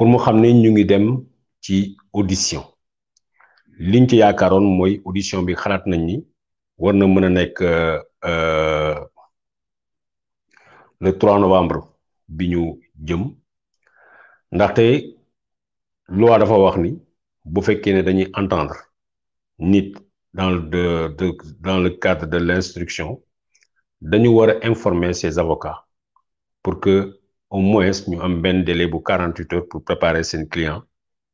pour mu xamné ñu ngi dem ci audition liñ ci yaakaaroon mooy audition bi xalaat nañ ni war na mën a nekk euh, le 3 novembre bi ñu jëm ndaxte loi dafa wax ni bu fekkee ne dañuy entendre nit dans le dans le cadre de l'instruction dañu war a informer ses avocats pour que au moins ñu am un délai bu 48 heures pour préparer sen client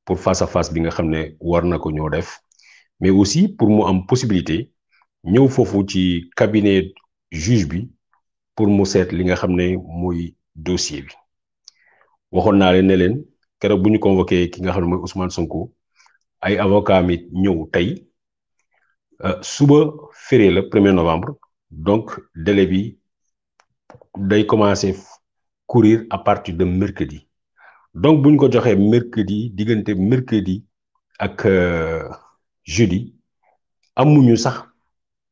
pour face à face bi nga xamné war na ko ñoo def mais aussi pour mu am possibilité ñew fofu ci cabinet juge bi pour mu set li nga xamné moy dossier bi waxon na leen ne leen convoqué ki nga Ousmane Sonko ay avocat mi tay euh, suba le 1er novembre donc délai bi day commencé courir à partir de mercredi donc si ñu ko faire mercredi diganté mercredi ak euh, jeudi amuñu sax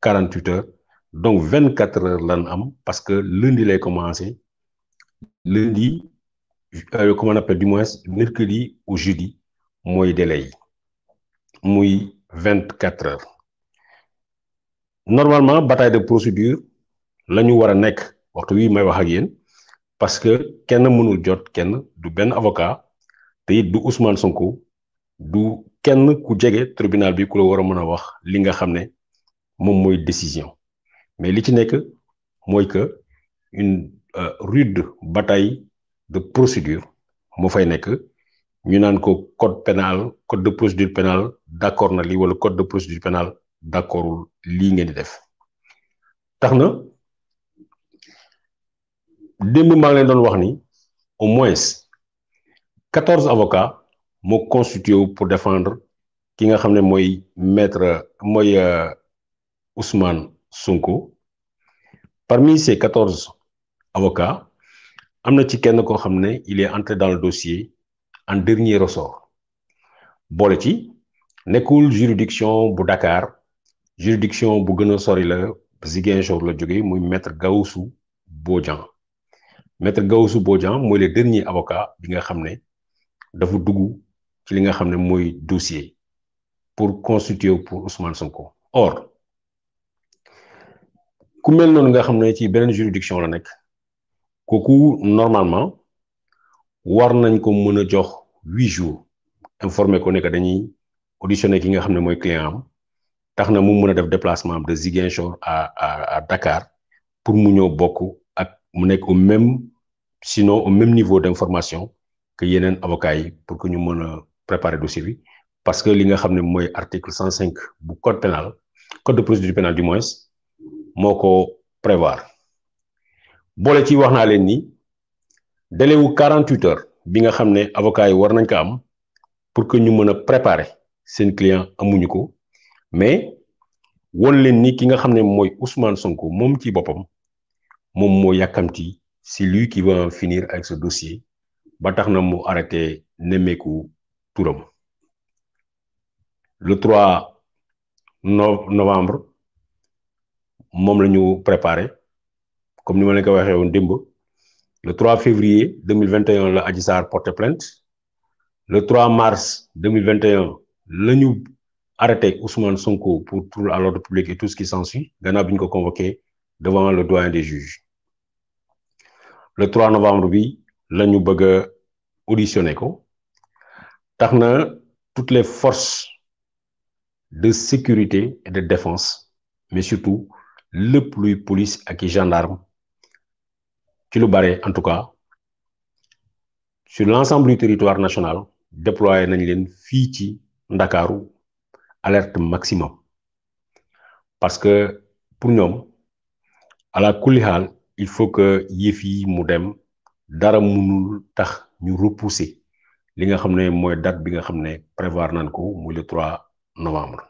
48 heures donc 24 heures lan am parce que lundi a commencé lundi euh, comment on appelle du moins mercredi ou jeudi mooy délai Moy 24 heures normalement bataille de procédure la ñu war a nekk waxtu wi may wax ak parce que kenn mënul jot kenn du ben avocat te du Ousmane Sonko du kenn ku jege tribunal bi ku la war a wax li nga xamné mom moy décision mais li ci nek moy que une euh, rude bataille de procédure moo fay nek ñu naan ko code pénal code de procédure pénale d'accord na li wala code de procédure pénale d'accordul li ngeen di def taxna démb maa ngi leen doon wax ni au moins 14 avocats moo constitué pour défendre ki nga xam ne maître mooy euh, Ousmane Sonko parmi ces 14 avocats am na ci kenn koo xam il est entré dans le dossier en dernier ressort boole ci nekkul juridiction bu Dakar juridiction bu gën a sori la Ziguinchor la jóge muy maître Gaoussou Bojan maître Gaoussou Bodian moy le dernier avocat bi nga xamné dafa dugg ci li nga xamné moy dossier pour constituer pour Ousmane Sonko or ku mel non nga xamné ci benen juridiction la nek kooku normalement war nañ ko mën jox 8 jours informé ko ne dañuy auditionné ki nga xamné moy client taxna tax na mu mën def déplacement de Ziguinchor à à à Dakar pour mu ñëw bokku mu nekk au même sinon au même niveau d'information que yeneen avocats yi pour que ñu mën a préparer dossier bi parce que li nga xam ne mooy article 105 bu code pénal code de procédure pénale du moins moo ko prévoir boole ci wax naa leen ni délai wu 48 heures bi nga xam ne avocats yi war nañ ko am pour que ñu mën a préparer seen client amuñu ko mais won leen ni ki nga xam ne mooy Ousmane Sonko moom ci boppam mom mo yakamti c'est lui qui va en finir avec ce dossier ba taxna na mu arrêté nemmeeku le 3 novembre mom le préparer préparé comme ni ma leen le 3 février 2021 le Adji porte plainte le 3 mars 2021 le ñu arrêté Ousmane Sonko pour tout à l'ordre public et tout ce qui s'ensuit gana biñ convoqué devant le doyen des juges le 3 novembre bi lañu bëgg toutes les forces de sécurité et de défense mais surtout le luy police ak les gendarme ci le bare en tout cas sur l'ensemble du territoire national déployé nañ leen ci alerte maximum parce que pour nous, à la kulli il faut que yefi yi mu dem dara munul tax ñu repousser li nga xam ne date bi nga prévoir nan ko le 3 novembre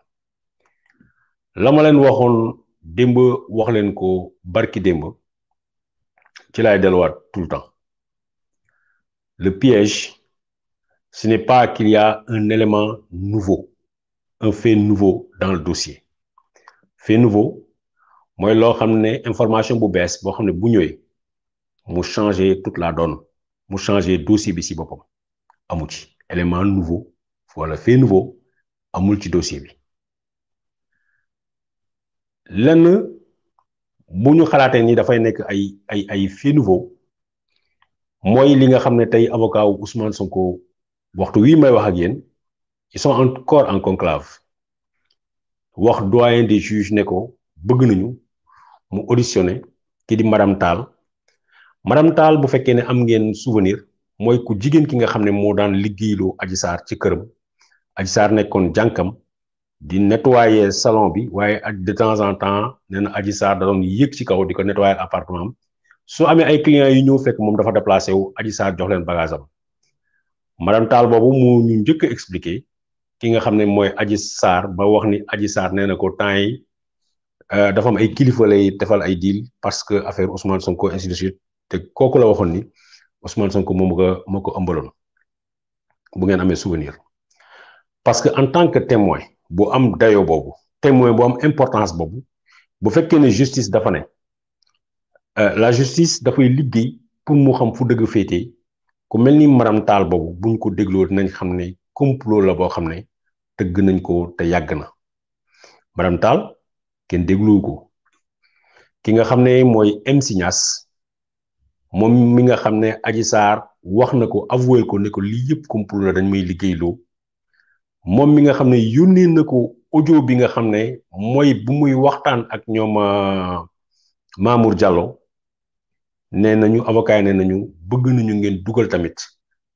la ma leen waxoon démb wax leen ko barki démb ci laay delluwaat tout le temps le piège ce n'est pas qu'il y a un élément nouveau un fait nouveau dans le dossier fait nouveau moy lo information bu bu changer toute la donne mu changer dossier bi ci bopam amul ci élément nouveau voilà fait nouveau amul ci dossier bi ay nouveau li nga xamné tay avocat Ousmane Sonko waxtu wi may wax ak ils sont encore en conclave wax des juges mu auditionné ki di madame taal madame Tall bu fekkee ne am ngeen souvenir mooy ku jigéen ki nga xam ne moo daan liggéeyloo Adji saar ci këram Adji Sarr nekkoon jànkam di nettoyer salon bi waaye ak de temps en temps nee na Adji Sarr da doon yëg ci kaw di ko nettoyer appartement am su amee ay clients yu ñëw fekk moom dafa déplacé wu Adji Sarr jox leen bagage am madame boobu mu ñu njëkk a ki nga xam ne mooy aji Sarr ba wax ni Adji Sarr nee na ko temps yi Euh, dafa am ay kilifa lay defal ay deal parce que affaire Ousmane Sonko ainsi de suite te kooku la waxoon ni Ousmane Sonko moom moo ko moo ko bu ngeen amé souvenir parce que en tant que témoin bu am dayo bobu témoin bu am importance bobu bu fekkee ne justice dafa ne euh, la justice dafay liggéey pour mu xam fu dëgg fété ku melni maram tal bobu buñ ko dégloo nañ xam né complot la bo xamné ne nañ ko te yàgg na maram tal kenn dégluwu ko ki nga xam ne mooy MC Niass moom mi nga xam ne Adji Sarr wax na ko avoué ko ne ko lii yëpp complot la dañ may liggéeyloo moom mi nga xam ne yónnee na ko audio bi nga xam ne mooy bu muy waxtaan ak ñoom euh, Mamour Diallo nee nañu avocat ne nee nañu bëgg nañu ngeen dugal tamit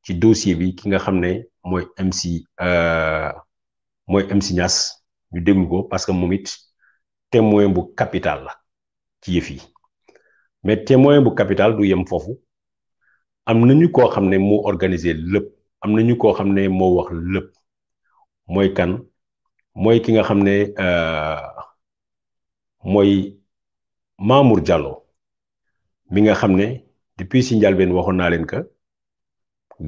ci dossier bi ki nga xam ne mooy MC euh, mooy MC Niass ñu déglu ko parce que moom it. témoin bu capital la ci yef yi mais témoin bu capital du yem fofu am nañu ko xam mo organiser lepp am nañu ko xam mo wax lepp moy kan moy ki nga xam euh moy Mamour Diallo mi nga xam ne depuis si njalbeen waxoon na len ka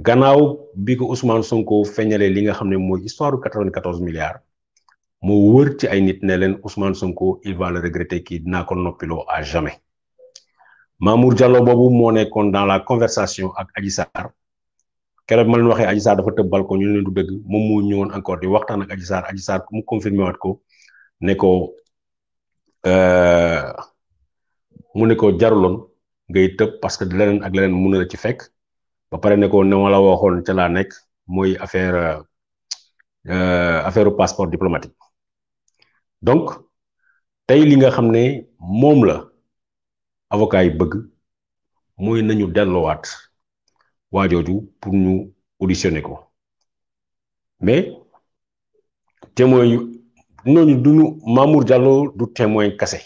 gannaaw bi ko Ousmane Sonko feñalee li nga xam moy histoire 94 milliards mo wër ci ay nit ne leen Ousmane Sonko il va le regretter ki dinaa ko noppiloo à jamais Mamour Diallo boobu moo nekkoon dans la conversation ak Adji Sarr keroog ma leen waxee Adji Sarr dafa tëbbal ko ñu leen du dëgg moom moo ñëwoon encore di waxtaan ak Adji Sarr Adji Sarr mu confirmer waat ko ne ko euh, mu ne ko jaruloon ngay tëb parce que leneen ak leneen mun la ci fekk ba pare ne ko ne ma la waxoon ca laa nekk mooy affaire euh, euh, affaire passeport diplomatique donc tey li nga xam ne moom la avocat yi bëgg mooy nañu delluwaat waajooju pour ñu auditionner ko mais témoin yu ñooñu duñu Mamour Diallo du témoin kase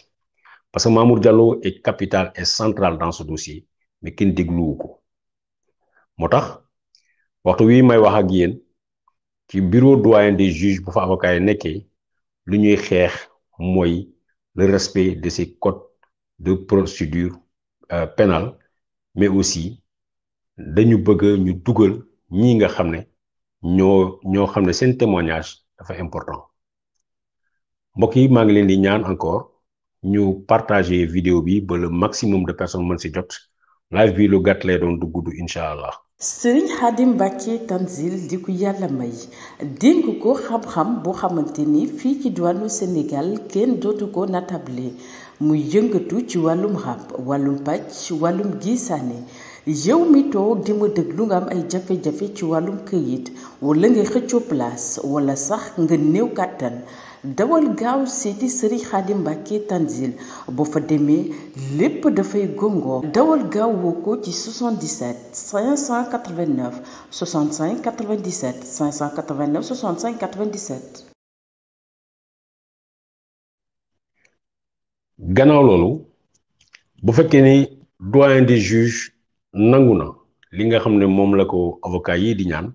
parce que Mamour Diallo est capital et central dans ce dossier mais kenn dégluwu ko moo tax waxtu wi may wax ak yéen ci bureau doyen des juges bu fa avocat yi nekkee lu ñuy xeex mooy le respect de ces codes de procédure euh, pénale mais aussi dañu bëgg ñu dugal ñi nga xam ne ñoo ñoo xam ne seen témoignage dafa important mbokk yi maa ngi leen di ñaan encore ñu partager vidéo bi ba le maximum de personnes mën si jot live bi lu du gudd incha allah. sëriñ xaadim mbàkke tanzil di ku yàlla may dénk ko xam-xam boo xamante ni fii ci diwaanu sénégal kenn dootu ko natable muy yëngatu ci wàllum ràbb wàllum pàcc wàllum gisaane yow mi toog di ma déglu nga am ay jafe-jafe ci wàllum këyit wala nga xëccoo place wala sax nga néew kàttan dawal gaaw seeti sëriñ xaadim mbàkke tanzil boo fa demee lépp dafay góngoo dawal gaaw woo ko ci 77 589 65 97 gannaaw loolu bu fekkee ni doyen des juges nangu na li nga xam ne moom la ko avocat yi di ñaan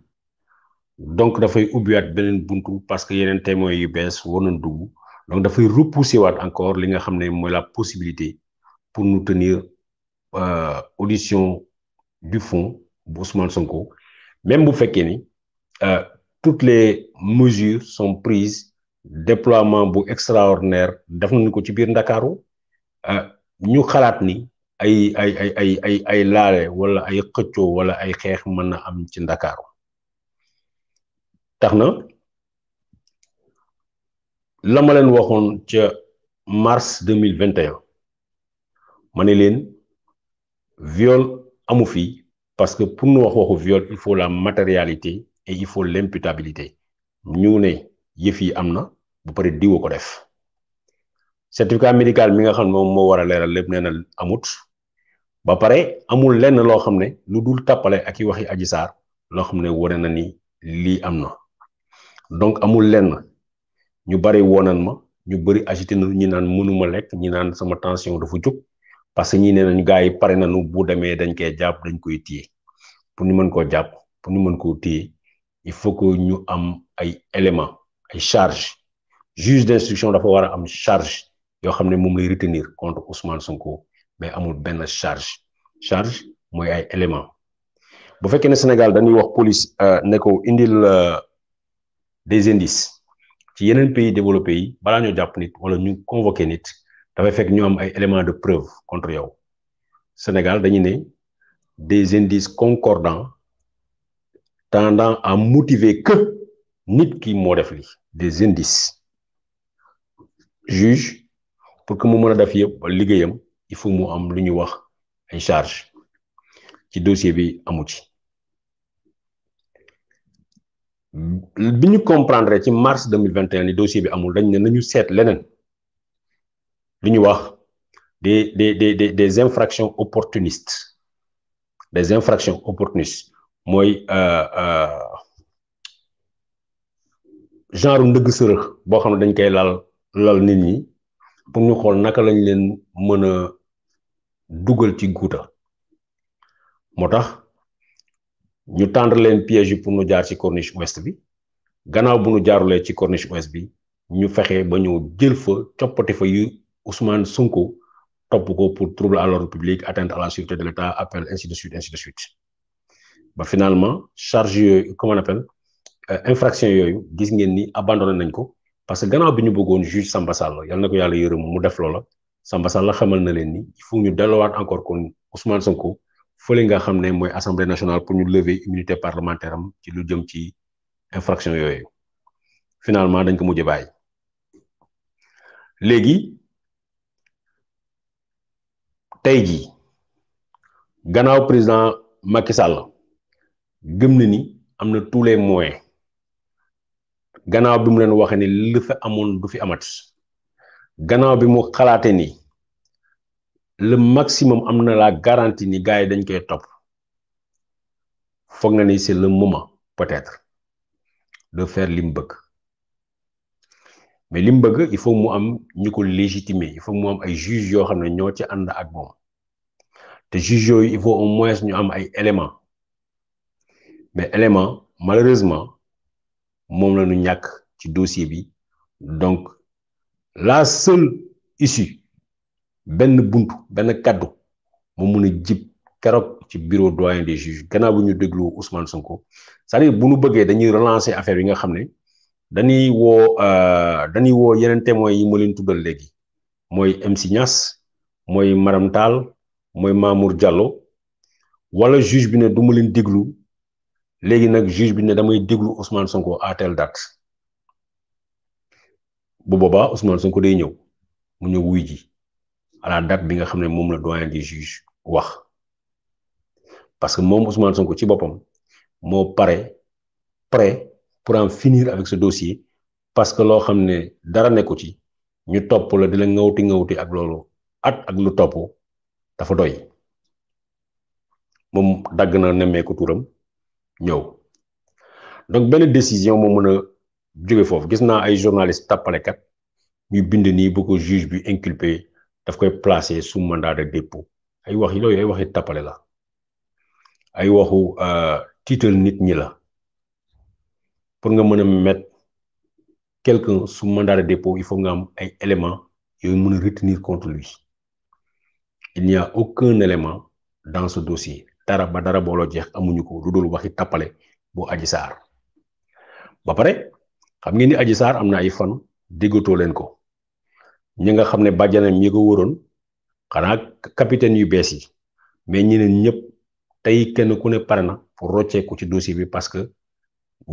donc fay ubbiwaat beneen buntu parce que yeneen témoins yu bees war nañ dugg donc dafay repousser waat encore li nga xam ne mooy la possibilité pour nous tenir euh, audition du fond bu Ousmane Sonko même bu fekkee ni euh, toutes les mesures sont prises déploiement bu extraordinaire def nañu ko ci biir Ndakaaru euh, ñu xalaat ni ay ay ay ay ay ay laale wala ay xëccoo wala ay xeex mën na am ci Ndakaaru taxna na la ma leen mars 2021. mille viol amu fi parce que pour nous wax viol il faut la matérialité et il faut l'imputabilité ñu ne yëf yi am bu pare diwa def certificat médical mi nga xam mom mo wara leral a leeral na amut ba pare amul lenn lo xam ne tapalé ak waxi Adji sar lo woré na ni li amna donc amul lenn ñu bari wonan ma ñu bari agité na ñi naan mënuma lek ñi naan sama tension dafa juk parce que ñi nee nañ gaay paré nañu bu démé dañ koy japp dañ koy tié pour ñu mën ko japp pour ñu mën ko tié il faut que ñu am ay élément ay charge juge d'instruction dafa wara am charge yo xamné mom lay retenir contre Ousmane Sonko mais amul ben charge charge moy ay élément bu fekké né Sénégal dañuy wax police euh, né ko indil euh, des indices ci yeneen pays développé yi balaa ñoo jàpp nit wala ñu convoqué nit dafay fekk ñu ay éléments de preuve contre yow Sénégal dañu ne des indices concordants tendant à motiver que nit qui moo def li des indices juge pour que mu mën a def il faut mu am lu ñuy wax charge ci dossier bi amu ci bi ñu comprendre ci mars 2021 ni dossier bi amul dañ na nañu seet leneen lu ñu wax des des des des infractions opportunistes des infractions opportunistes mooy euh, euh, genre ndëgg sërëx boo xam ne dañ koy lal lal nit ñi pour ñu xool naka lañ leen mën a dugal ci guuta moo tax ñu tendre leen piège pour nous jaar ci corniche ouest bi gannaaw corniche ouest bi ñu ba ñu jël fa fa yu Ousmane Sonko topp ko pour trouble à l'ordre public atteinte à la sûreté de l'État appel ainsi de suite ainsi de suite finalement charge comment on appelle euh, infraction yooyu gis ngeen ni abandonné parce que pour nous juge Samba ko mu def Samba encore kon Ousmane Sonko fële nga assemblée nationale pour ñu lever immunité parlementaire am ci lu finalement dañ ko mujj bàyyi léegi président Macky Sall tous les moyens gannaaw bi leen ni du fi amat gannaaw le maximum amna la garantie ni gars dañ koy top faut ni c'est le moment peut-être de faire limbug mais limbug il faut que nous ñu ko il faut mu am ay juges yo xam nous ñoo ci and ak juges il faut au moins ñu am ay éléments mais éléments malheureusement mom la ñu ñak ci dossier bi donc la seule issue benn buntu benn kaddu mu mun a jib keroog ci bureau doyen des juges gannaaw bu ñu déglu Ousmane Sonko cest bu ñu bëggee dañuy relancer affaire yi nga xam ne dañuy woo euh, dañuy woo yeneen témoins yi ma leen tuddal léegi mooy MC mooy Maram Tall mooy Mamour Diallo wala juge bi ne du ma leen déglu léegi nag juge bi ne damay déglu Ousmane Sonko à telle date bu boobaa Ousmane Sonko day ñëw mu ñëw wuy ji. à la date bi nga xamné mom la doyen des juges parce que Ousmane Sonko ci pare prêt pour en finir avec ce dossier parce que je dara ci ñu la ak at ak lu dafa doy mom na ko turam ñew donc décision ce meuna a gis ay journaliste kat ñu bind juge inculpé daf koy placer sous mandat de dépôt ay wax yi loolu ay waxi tappale la ay waxu euh, titre nit ñi la pour nga mëna mettre quelqu'un sous mandat de dépôt il faut nga am ay éléments yoy mëna retenir contre lui il n'y a aucun élément dans ce dossier dara ba dara booloo jeex amuñu ko dudul waxi tapalé bu aji sar ba paré xam ngeen ni aji sar amna ay fan déggatoo len ko ñi nga xam ne bàjjanam yi ko waroon xanaa capitaine yu bees yi mais ñeneen ñëpp tey kenn ku ne pare na pour rocceeku ci dossier bi parce que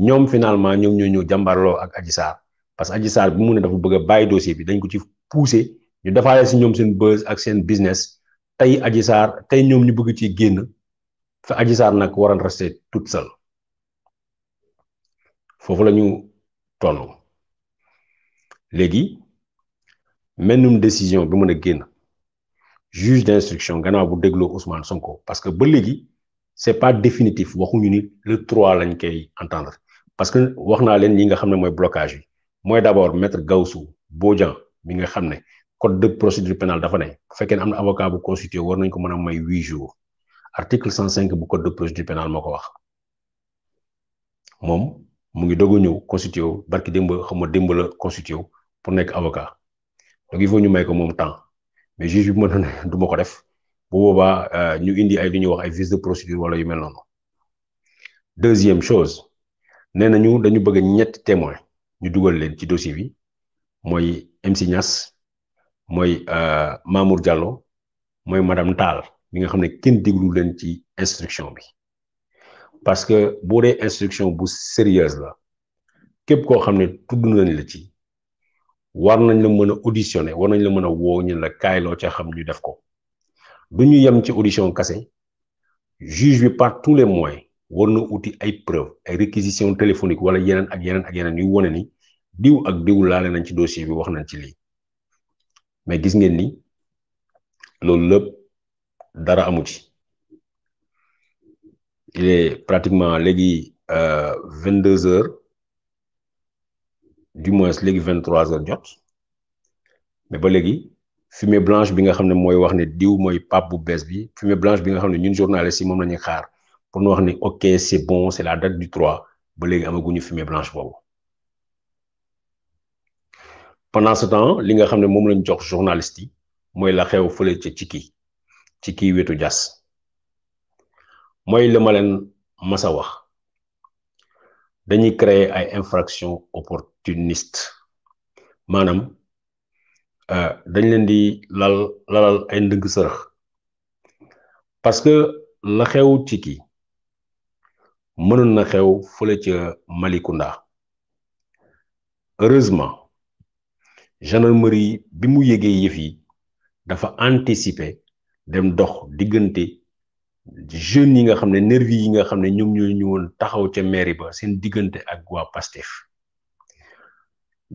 ñoom finalement ñoom ñoo ñëw jàmbarloo ak Adji Sarr parce que Adji Sarr bi mu ne dafa bëgg bàyyi dossier bi dañ ko ci poussé ñu defaale si ñoom seen buzz ak seen business tey Adji tey ñoom ñu bëgg ci génn fa Adji Sarr nag waral rester toute seule foofu la ñu toll léegi une décision bi juge d'instruction gannaaw bu dégloo Ousmane Sonko parce que ba n'est c'est pas définitif waxuñu ni le trois lañ koy entendre parce que wax naa leen nga xam ne blocage yi d'abord maître Gaussou, Bojan, mi nga xam code de procédure pénale dafa ne bu fekkee avocat bu constitué war nañ ko huit jours article 105 du code de procédure pénale moo wax moom constitué constitué pour avocat donc il faut ñu may ko moom temps mais juge bi mo done du ma ko def bu boba ñu indi ay lu ñuy wax ay vices de procédure wala yu mel noonu deuxième chose nee nañu dañu bëgg ñetti témoin ñu duggal leen ci dossier bi moy MC Niass euh Mamour Diallo moy madame tal bi nga xam ne kenn déglu leen ci instruction bi parce que boo dee instruction bu sérieuse la képp koo xam ne tudd nañ la ci. war nañ la mën a auditionné war nañ la mën a woo ñu la kaay loo ca xam ñu def ko du ñu yem ci audition kase juge bi par tous les moins war na uti ay preuve ay réquisition téléphonique wala yeneen ak yeneen ak yeneen yu wane ni diw ak diw laale nañ ci dossier bi wax nañ ci lii mais gis ngeen ni loolu lépp dara amu ci il est pratiquement léegi euh, vingt deux heures du moins légui 23 h jot mais ba légui fumée blanche bi nga xamné moy wax né diw moy pape bu bees bi fumée blanche bi nga xamné ñun journalistes mom lañuy xaar pour nous wax né ok c'est bon c'est la date du 3 ba léegi amaguñu fumée blanche bobu pendant ce temps li nga xamné mom moom lañ jox journaliste moy la xew fële ca Cikki Cikki wetu jass moy le ma massa wax dañuy créer ay infraction opportuniste euh dañ leen di lal lalal ay ndëgg sërëx parce que la xew ci ki mënoon na xew fële ca malikunda heureusement gendarmerie bi mu yëgee yëf yi dafa anticiper dem dox diggante jeunes yi nga xam ne nervi yi nga xam ne ñoom ñoo ñëwoon taxaw ca mairie ba seen diggante ak waa Pastef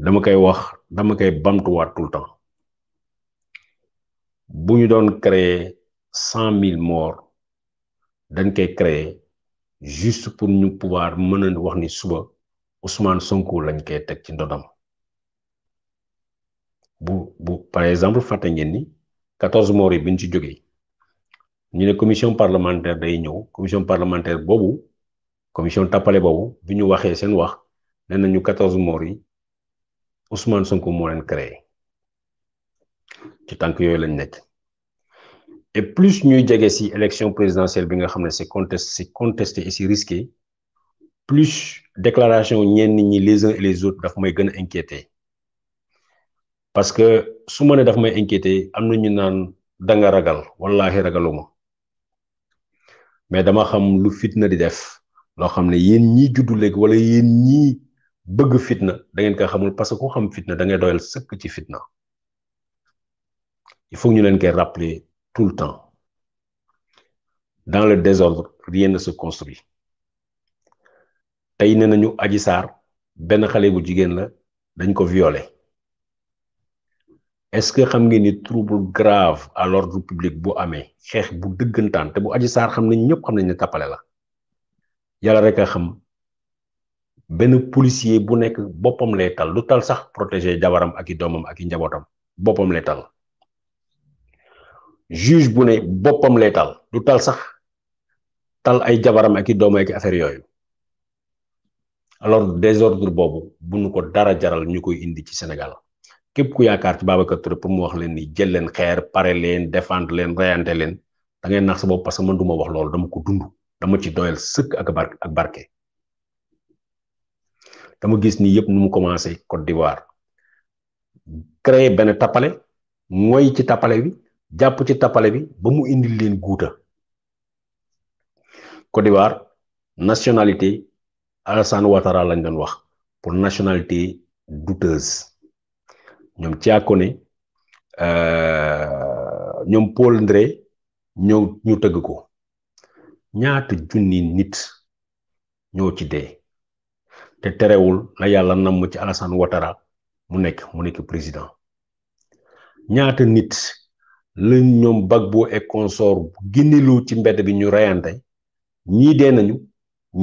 dama koy wax dama koy bamtuwaat tout le temps bu ñu doon créer cent mille morts dañ koy créer juste pour ñu pouvoir mën a wax ni suba Ousmane Sonko lañ koy teg ci ndodam bu bu par exemple fàtte ngeen ni quatorze morts yi bi ñu ci jógee. ñu une commission parlementaire day commission parlementaire une commission wax nañu yi Ousmane Sonko créé ci et plus ñuy jege élection présidentielle bi nga et c'est risqué plus déclaration ñenn ñi les uns et les autres daf parce que su ma daf may inquiété am na mais dama xam lu fitna di def lo xam yeen ñi ñii wala yeen ñi bëgg fitna da ngeen ko xamul parce que ko xam fitna da ngay doyal sëkk ci fitna il faut ñu leen kay rappeler tout le temps dans le désordre rien ne se construit tay nee nañu aji sar ben xalé bu jigéen la dañ ko violé est-ce que xam ngeen ni trouble grave à l'ordre public bu amee xeex bu dëggantaan te bu Adji Sarr xam nañ ñëpp xam nañ ne tappale la yàlla rek xam benn policier bu nekk boppam lay tal lu tal sax protéger jabaram ak i doomam ak i njabootam boppam lay tal juge bu ne boppam lay tal lu tal sax tal ay jabaram ak i doomam ak i affaire yooyu alors désordre boobu bu nu ko dara jaral ñu koy indi ci Sénégal képp ku yaakaar ci Babacar Touré pour mu wax leen ni jël leen xeer pare leen défendre leen reyante leen da ngay nax sa bopp parce que man du ma wax loolu dama ko dund dama ci doyal sëkk ak bar ak barke. dama gis nii yëpp nu mu commencé Côte d'Ivoire créé benn tapale mooy ci tapale bi jàpp ci tapale bi ba mu indil leen guuta Côte d'Ivoire nationalité Alassane Ouattara lañ doon wax pour nationalité douteuse. ñoom Thia Koné euh, ñoom Paul Ndré ñoo ñu tëgg ko ñaata junni nit ñoo ci dee te terewul la yàlla namm ci Alassane Ouattara mu nekk mu nekk président ñaata nit la ñoom Gbagbo et consort génnelu ci mbedd bi ñu reyante ñii dee nañu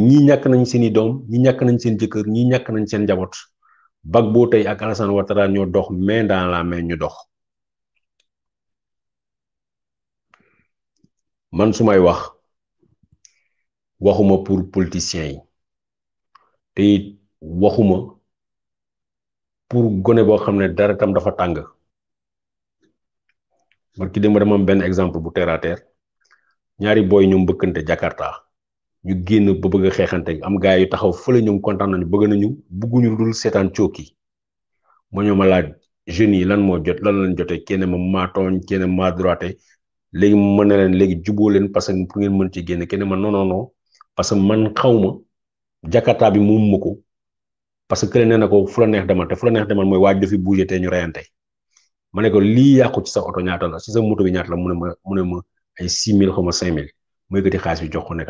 ñii ñàkk nañ seeni doom ñii ñàkk nañ seen jëkkër ñii ñàkk nañ seen njaboot Bagbo tay ak Alassane Ouattara ñoo dox main dans la main ñu dox man sumay wax waxuma pour politiciens yi te waxuma pour gone bo xam dara tam dafa tang barki dem dama ben exemple bu terre à terre ñaari boy ñu mbeukante Jakarta ñu génn ba bëgg a xeexante am gaay yu taxaw la ñoom kontaan nañu bëgg nañu bëgguñu dul seetaan cooki ma ñoo ma laaj jeunes yi lan moo jot lan lañ jotee kenn ma maa tooñ kenn maa droite mën na leen léegi juboo leen parce que pour ngeen mën ci génn kenn ma non non non parce que man xaw ma jakarta bi moom ma ko parce que kële nee ko fu la neex demal te fu la neex demal mooy waaj dafi bougé te ñu reyante ma ne ko lii yàqu ci sa oto ñaata la ci sa moto bi ñaata la mu ne ma mu ne ma ay six mille xaw ma cinq mille mu yëkkati xaalis bi jox ko nekk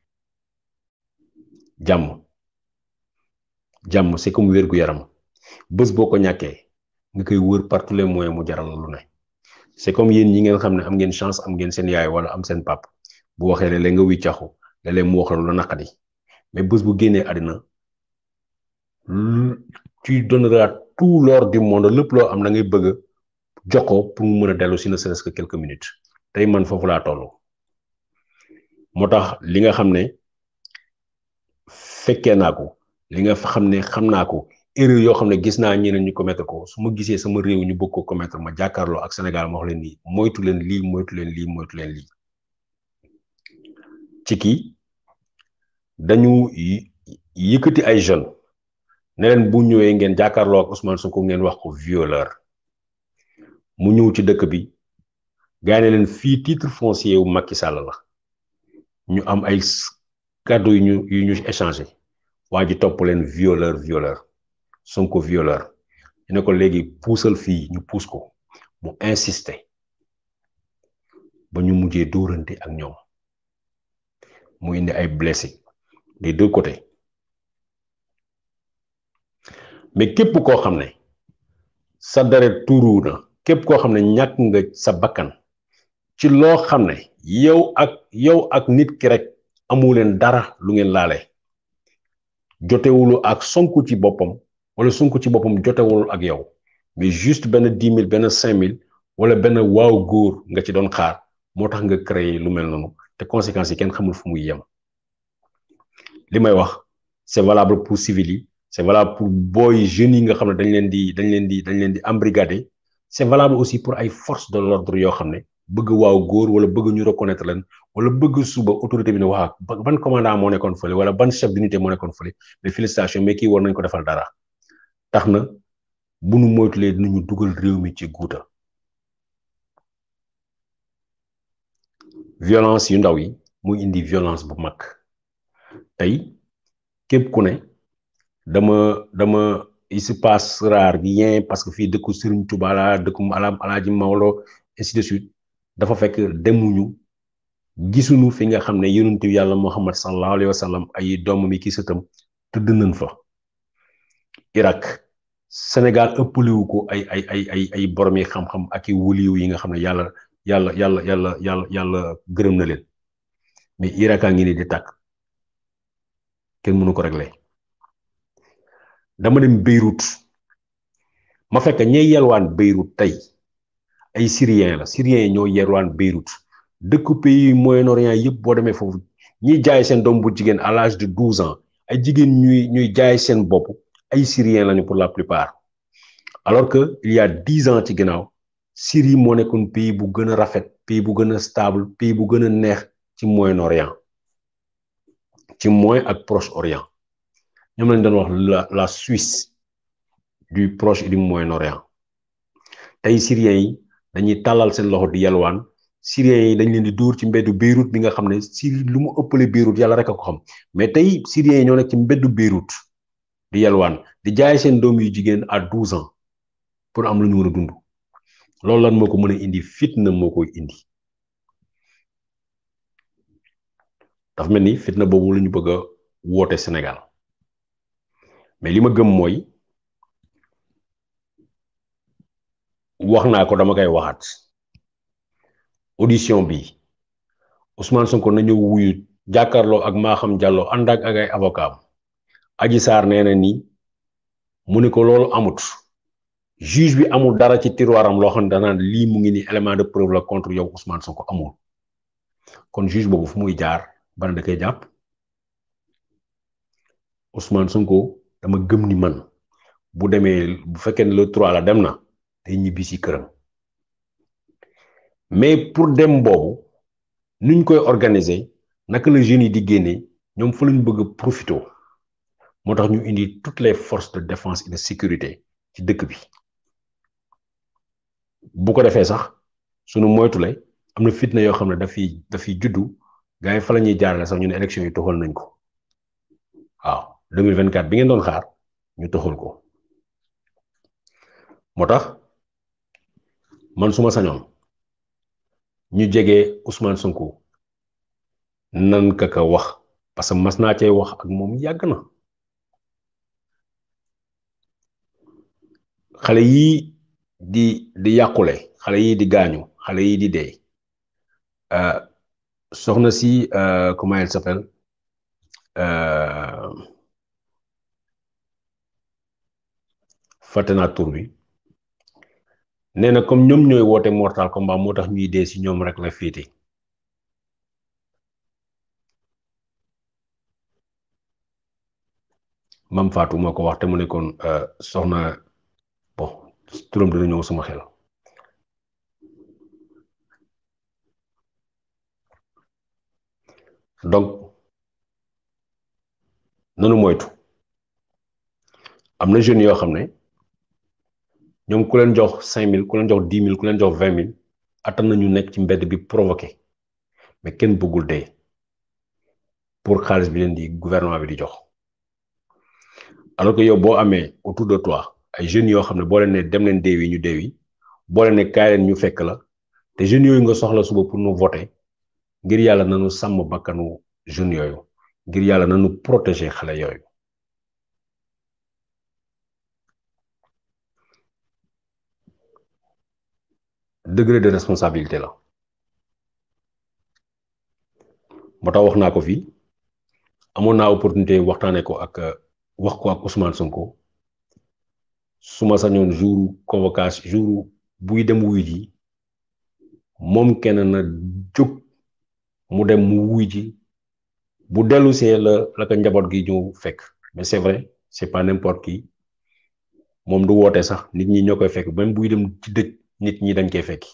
jam jam c'est comme wergu yaram beus boko ñaké ñàkkee nga koy wër par tous les moyens mu jaral lu ne c'est comme yeen ñi ngeen xamné am ngeen chance am ngeen seen yaay wala am seen pap bu waxé lé nga wi taxu lé lé mu waxal lu naqadi mais beus bu génné adina tu donneras tout l'or du monde lepp lo am da ngay bëgg joko pour mu mëna a ci ne serait-ce que quelques minutes tay man fofu la tollu motax li nga xamné fekke naa ko li nga xam ne xam naa ko erreur yoo xam ne gis naa ñeneen ñu commettre ko su ma gisee sama réew ñu bëgg ko commettre ma jàkkaarloo ak Sénégal ma wax leen nii moytu leen lii moytu leen lii moytu leen lii ci kii dañu yëkkati ay jeune ne leen bu ñëwee ngeen jàkkaarloo ak Ousmane Sonko ngeen wax ko violeur mu ñëw ci dëkk bi gaay ne leen fii titre foncier wu Macky ñu am ay kàddu yu ñu yu ñu échanger waa ji topp leen violeur violeur Sonko violeur ñu ko légui puusal fi ñu pousse ko mu insister ba ñu mujjé doranté ak ñom muy indi ay blessé des deux côtés mais képp ko xamné sa deret tuuru na képp ko xamné ñak nga sa bakkan ci lo xamné yow ak yow ak nit ki rek amu leen dara lu ngeen laale jotewulu ak Sonko ci boppam wala Sonko ci boppam jotewul ak yow mais juste benn dix mille benn cinq mille wala benn waaw góor nga ci doon xaar moo tax nga créer lu mel noonu te conséquence yi kenn xamul fu mu yem li may wax c'est valable pour civil yi c'est valable pour booy jeunes yi nga xam ne dañ leen di dañ leen di dañ leen di embrigader c'est valable aussi pour ay forces de l'ordre yoo xam ne bëgg waaw góor wala bëgg ñu reconnaître leen wala bëgg suba autorité bi ne wax ak ban commandant moo nekkoon fële wala ban chef d'unité moo nekkoon fële mais félicitation mais ki war nañ ko defal dara tax na bu nu moytulee dinañu dugal réew mi ci guuta violence yu ndaw yi muy indi violence bu mag tey képp ku ne dama dama il se passe rare rien parce que fii dëkku Serigne Touba la dëkku Alaaji Maolo ainsi de suite dafa fekk demuñu gisuñu fi nga xam ne yonent bi yàlla muhammad sallallahu alayhi wa ay doomam mi ki sëtam tëdd nañ fa Irak Sénégal ëppaliwu ko ay ay ay ay ay yi xam-xam ak i wuliw yi nga xam ne yàlla yàlla yàlla yàlla yàlla yàlla gërëm na leen mais Irak ngi ni di tàkk kenn mënu ko régler dama dem Beyrouth ma fekk ñey yelwaan Beyrouth tey ay Syriens la Syriens ñoo yelwaan Beyrouth dëkku pays Moyen-Orient yëpp boo demee foofu ñiy jaay seen doom bu jigéen à l'âge de douze ans ay jigéen ñuy ñuy jaay seen bopp ay Syriens lañu pour la plupart alors que il y a dix ans ci ginnaaw Syrie moo nekkoon pays bu gën a rafet pays bu gën a stable pays bu gën a neex ci Moyen-Orient ci Moyen ak Proche-Orient ñoom lañ doon wax la la Suisse du Proche et du Moyen-Orient tey Syriens yi dañuy talal seen loxo di yalwaan syriens yi dañ leen di dóor ci mbeddu Beyrouth bi nga xam ne si lu mu ëppale Beyrouth yàlla rek a ko xam mais tey syriens yi ñoo nekk ci mbeddu Beyrouth di yalwaan di jaay seen doom yu jigéen à douze ans pour am lu ñu mën a dund loolu lan moo ko mën a indi fitna moo koy indi dafa mel ni fitna boobu la ñu bëgg a woote Sénégal mais li ma gëm mooy wax naa ko dama koy waxaat audition bi Ousmane Sonko nañu wuyu jakarlo ak Maham jallo andak ak ay avocat Adji sar nee ni mu amut juge bi amul dara ci tiroiram lo xam dana danaan mu ngi ni element de preuve la contre yow Ousmane Sonko amul kon juge bobu fu muy jaar ban da kay japp Ousmane Sonko dama gëm ni man bu démé bu féké le 3 la dem na mais pour dem nous nuñ koy organiser nak le jeunes di fa bëgg toutes les forces de défense et de sécurité ci dëkk bi bu ko défé sax sunu moytu lay amna fitna yo juddu fa élection 2024 bi ngeen doon xaar ñu toxal ko motax ñu jege Ousmane Sonko nan ka ka wax parce que mas naa cee wax ak moom yàgg na xale yii di di yàqule xale yii di gaañu xale yii di dee euh, soxna si euh, comment elle s'appelle euh, fàtte naa tur bi. nee na comme ñoom ñooy woote mortal combat moo tax ñuy dee si ñoom rek la féete mam Fatou moo ko wax te mu nekkoon euh, soxna bon turam dina ñëw sama xel donc nanu moytu am na jeunes yoo xam ne. ñoom ku leen jox cinq mille ku leen jox mil mille ku leen jox vingt mille attan nañu nekk ci mbedd bi provoqué mais kenn bëggul dee pour xaalis bi leen di gouvernement bi di jox alors que yow boo amee autour de toi ay jeunes yoo xam ne boo leen ne dem leen yi ñu deewi boo leen ne kaay leen ñu fekk la te jeunes yooyu nga soxla suba pour nu voté ngir yàlla nanu sàmm bakkanu jeunes yooyu ngir yàlla nanu protéger xale yooyu degré de responsabilité la moo tax wax naa ko fii amoon naa opportunité waxtaanee ko ak euh, wax ko ak Ousmane Sonko su ma sañoon jour convocation jour buy dem wuy ji moom keneen na jóg mu dem mu wuy ji bu dellu la la ko njaboot gi ñëw fekk mais c'est vrai c'est pas n'importe qui moom du woote sax nit ñi ñoo koy fekk même buy dem ci dëj nit ñi dañ koy fekki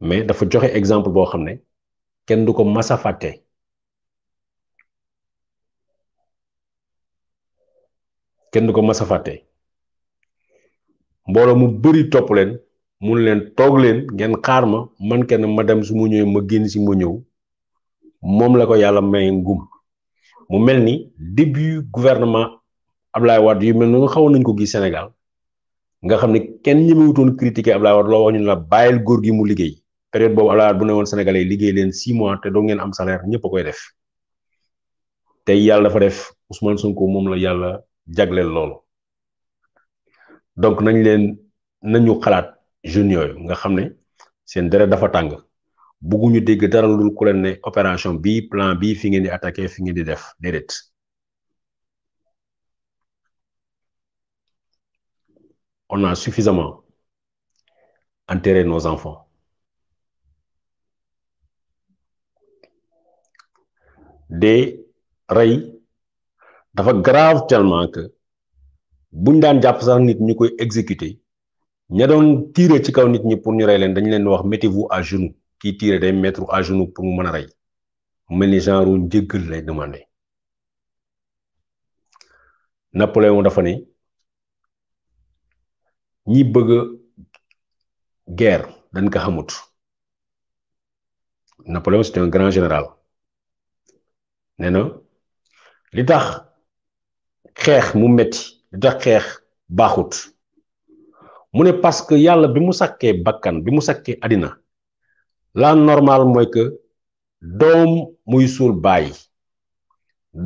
mais dafa joxe exemple boo xam ne kenn du ko masa fàtte kenn du ko masa fàtte mbooloo mu bari topp leen mun leen toog leen ngeen xaar ma man kenn ma dem su mu ñëwee ma génn si mu ñëw moom la ko yàlla may ngum mu mel ni début gouvernement Ablaye Wade yu mel noonu xawoon nañ ko gis Sénégal nga xam ne kenn ñemewutoon critiquer Abdoulaye Wade loo wax ñu la bàyyil góor gi mu liggéey période boobu Abdoulaye bu ne woon sénégalais liggéey leen six mois te doo ngeen am salaire ñëpp koy def tey yàlla dafa def Ousmane Sonko moom la yàlla jagleel loolu donc nañ leen nañu xalaat jeunes yooyu nga xam ne seen deret dafa tàng bëgguñu dégg dara lu ku leen ne opération bii plan bii fi ngeen di attaqué fi ngeen di def déedéet on a suffisamment enterré nos enfants. des ray dafa grave tellement que buñ daan japp sax nit ñi koy exécuter ña doon tirer ci kaw nit ñi pour ñu ray leen dañ leen wax mettez-vous à genoux qui tirer day mettre à genoux pour mu mais ray gens ont genre njëggal lay demander Napoléon dafa ne ñi bëgg guerre dañ ko xamut Napoléon c'était grand général nee na li tax xeex mu metti li tax xeex baaxut mu ne parce que yàlla bi mu sakkee bakkan bi mu sakkee àddina la normal mooy que doom muy suul bàyyi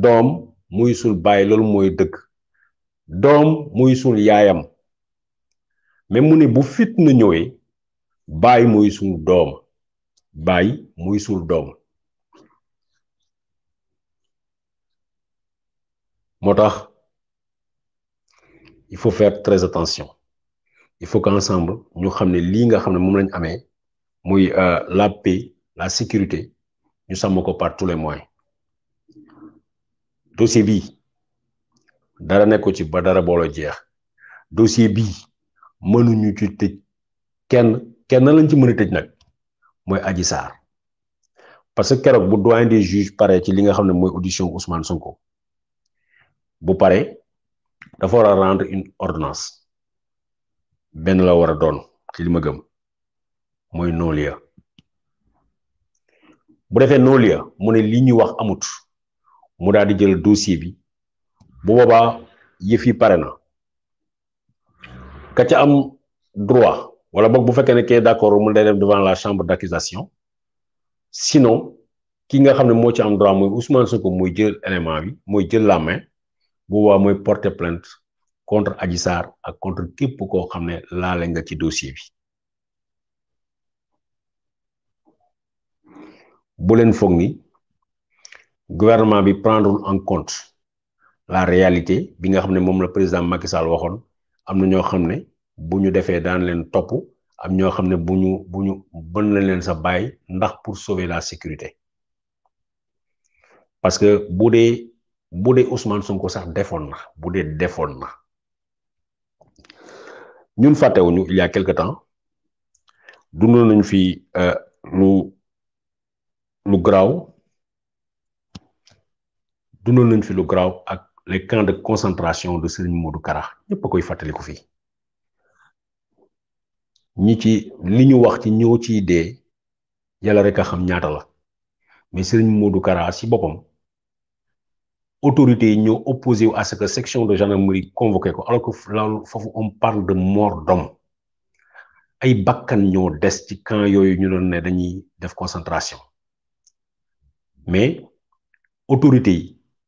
doom muy suul bàyyi loolu mooy dëgg doom muy suul yaayam mais mu bu fitna il faut faire très attention il faut qu'ensemble nous xamné li nga xamné euh, la paix la sécurité Nous sommes ko par tous les moyens dossier bi dara nekk ci ba dara dossier B, mënuñu ci tëj kenn kenn lañ ci mën a tëj nag mooy aji Sarr parce que keroog bu doyen des juges pare ci li nga xam ne mooy audition Ousmane Sonko bu pare dafa war a rendre une ordonnance benn la war a doon ci li ma gëm mooy non-lieu bu defee non-lieu mu ne li ñuy wax amut mu daal di jël dossier bi bu boobaa yëf yi pare na. ka ca am droit wala boog bu fekkee ne d'accord Vous day dem devant la chambre d'accusation sinon ki nga xam ne moo ci am droit mooy Ousmane Sonko mooy jël élément bi mooy jël la main boobaa mooy porter plainte contre Adji Sarr ak contre qui koo xam la la nga ci dossier bi bu gouvernement bi prendre en compte la réalité bi nga le président Macky Sall waxone am na ñoo xam ne bu ñu defee daan leen topp am ñoo xam ne bu ñu bu ñu bën na leen sa bàyyi ndax pour sauver la sécurité parce que bu dee bu dee Ousmane Sonko sax defoon na bu dee defoon na ñun fàttewuñu il y a quelque temps dund nañ fi euh, lu lu garaaw dund nañ fi lu garaaw ak les camps de concentration de Serigne Modou Kara ne a pas fàttaliku le ñi ci li ñu wax ci ñoo ci dé yalla rek xam ñaata la mais Serigne Modou Kara si bopam Autorité, ñoo opposé à ce que section de gendarmerie convoqué ko alors que là, on parle de mort d'homme ay bakkan ñoo des ci camp yoyu ñu don né dañuy def concentration mais autorité.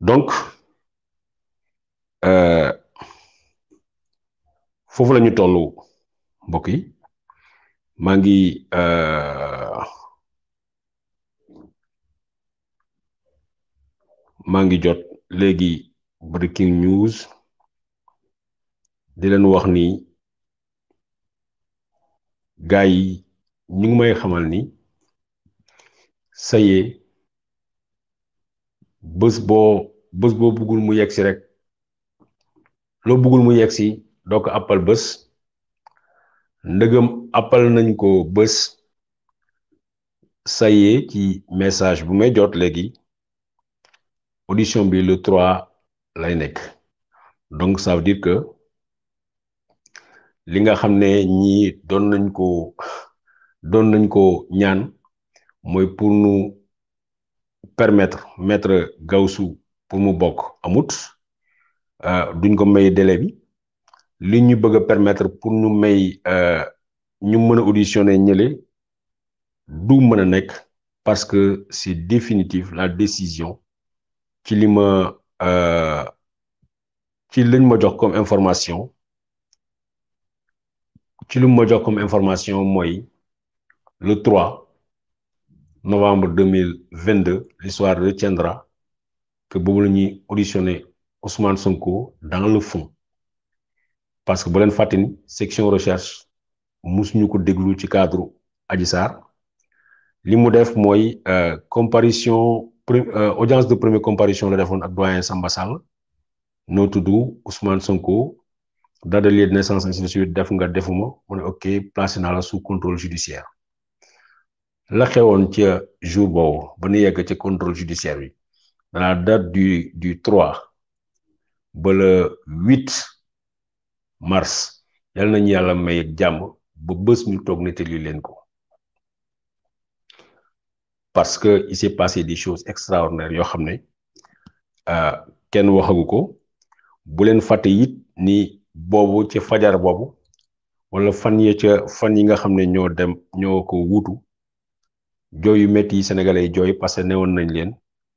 donc euh, foofu la ñu toll mbokk yi maa ngi euh, maa ngi jot léegi breaking news di leen wax ni gars yi ñu ngi may xamal ni ça bës boo bës boo bëggul mu yegg si rek loo bëggul mu yegg si doo ko appal bës ndëgëm appal nañ ko bës ça y ci message bu may jot léegi audition bi le troit lay nekk donc ça veut dire que li nga xam ne ñii doon nañ ko doon nañ ko ñaan mooy pour nu permettre mettre Gaussou pour nous euh, duñ ko délai bi permettre pour nous may euh, ñu auditionner du parce que c'est définitif la décision ci ma ma comme information ci ma jox comme information le 3 novembre 2022, l'histoire retiendra que Bouligny auditionnait Ousmane Sonko dans le fond. Parce que Bolen Fatini, section recherche, nous ko déglu ci cadre Adissar. Li mu euh, euh, audience de première comparution le defoon ak Sambassal. Samba Sall Ousmane Sonko date de lieu de naissance ainsi de suite def nga defuma ok placé sous contrôle judiciaire la xewoon ci jour bo ba nu yegg ci contrôle judiciaire bi dans la date du du 3 ba le 8 mars yal nañu yàlla may ak jàmm ba bés ñu toog nettali leen ko parce que il s'est passé des choses extraordinaires yo xam euh kenn waxagu ko bu len faté yit ni bobu ci fajar bobu wala fan ye ci fan yi nga xam ño dem ño ko wuutu jooy yu métti yi sénégalais yi jooy parce que newoon nañ leen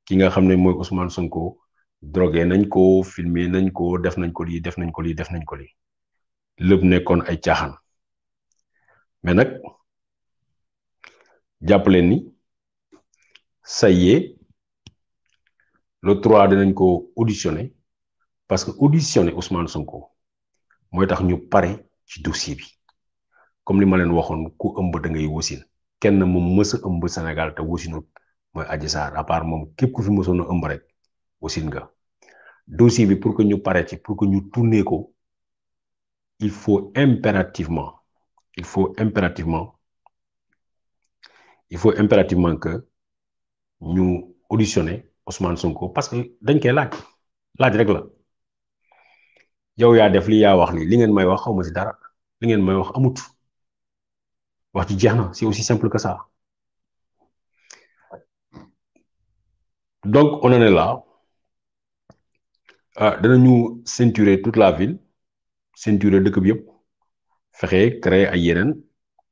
ki nga xam ne mooy Ousmane sunkoo drogué nañ ko filmé nañ ko def nañ ko lii def nañ ko lii def nañ ko lii lépp nekkoon ay caaxaan mais nag jàpp ni ça y est le trois dinañ ko auditionné parce que auditionné Ousmane Sonko mooy tax ñu pare ci dossier bi comme li ma leen waxoon ku ëmb da ngay wasin kenn mu mës a ëmb Sénégal te wasinut mooy aji Sarr à moom képp ku fi mësoon a ëmb rek wasin nga dossier bi pour que ñu pare ci pour que ñu tourner ko il faut impérativement il faut impérativement il faut impérativement que ñu auditionner Ousmane Sonko parce que dañ koy laaj laaj rek la yow yaa def li yaa wax li li ngeen may wax xaw ma ci dara li ngeen may wax amut. c'est aussi simple que ça donc on en est là ah, nous ceinturer toute la ville ceinturer de bi yëpp créé créer à yeneen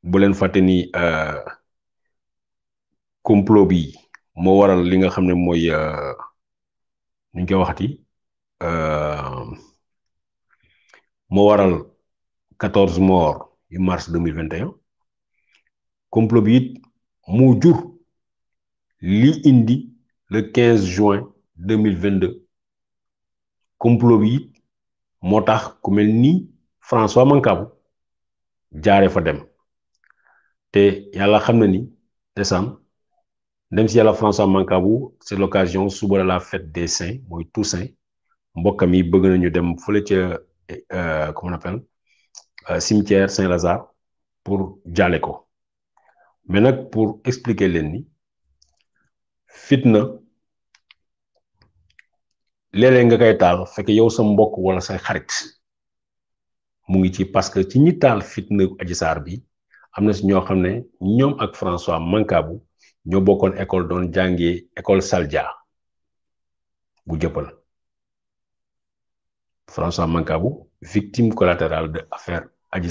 bu leen fàtte ni euh, complot bi moo waral li nga euh, euh, morts mars 2021 complot bi li indi le 15 juin 2022 complot bi it ku François mankabu jaare fa dem té yalla xamna ni ndeysaan dem si yàlla François Mancabou c'est l'occasion de la fête des saints tous Toussaint mbokami yi bëgg dem euh, comment on appelle euh, cimetière Saint-Lazare pour Djaleko mais pour expliquer fitna lélé nga kay tal fekk yow sa mbokk wala xarit parce que fitna Adji sar bi amna ak François mankabu ño école école Saldia bu François victime collatérale de affaire Adji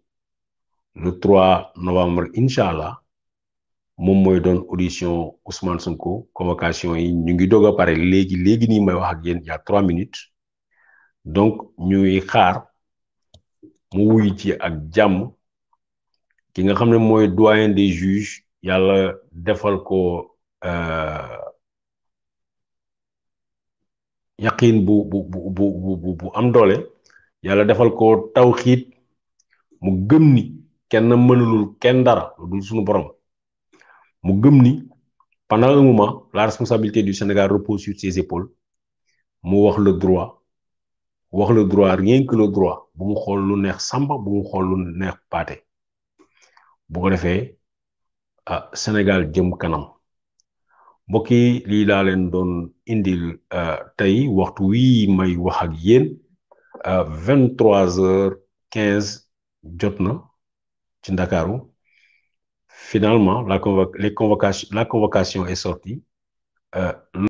le 3 novembre incha mom moy mooy audition Ousmane Sonko convocation yi ñu ngi doga paré légui légui ni may wax ak yeen il y a trois minutes donc ñuy xaar mu wuy ci ak jamm ki nga xam moy doyen des juges yalla defal ko euh, yaqin bu bu bu bu bu am doole yalla defal ko tawxiit mu gëm ni. kenn mënulul kenn dara lu dul suñu borom mu gëm ni pendant la responsabilité du Sénégal repose sur ses mu wax le droit wax le droit rien que le droit bu xool lu neex Samba bu xool lu neex Paate bu ko defee ah Sénégal jëm kanam mbokk yi lii laa leen doon indil ah, tey waxtu wii may wax ak yéen ah, vingt trois heures quinze jot na. ci finalement les convocations, la convocation est sortie euh,